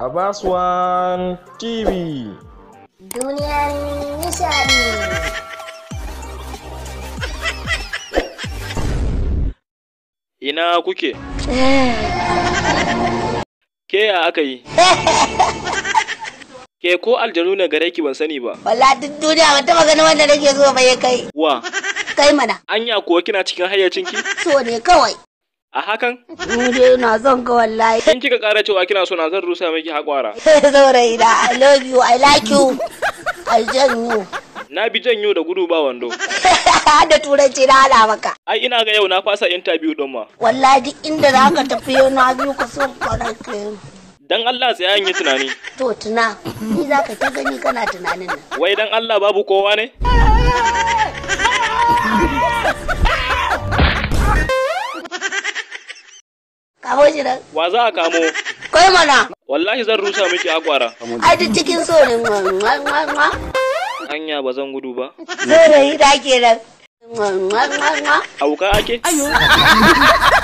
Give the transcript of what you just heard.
Abaswan TV. Dunia nishadi. Ina kuke? Ke ya aka yi? Ke ko aljanu na gare ki ban sani ba. Walla duk duniya ban taba ganin wanda nake so ba ya kai. Wa. Kai mana. Anya kuwa kina cikin hayyacinki? So ne kawai. A hakan? Ni dai na son ka wallahi. Kin kika ƙara cewa kina so na zan rusa miki haƙwara. Eh, Saurayi da I love you, I like you, I you. Na bi janyo da gudu ba wando. Da turanci na hada maka. Ai ina ga yau na fasa interview ɗin ma. Wallahi duk inda za ka tafi yau na biyu ka so kwarake. Dan Allah tsaya in yi tunani. To tuna, ni za ka ta gani kana tunanin nan. Wai dan Allah babu kowa ne? Kamo shi nan. Wa za a kamo? Kai mana. Wallahi zan rusa miki akwara. Ai duk cikin so ne. Hanya ba zan gudu ba. Zo da yi da kenan. Auka ake? Ayo.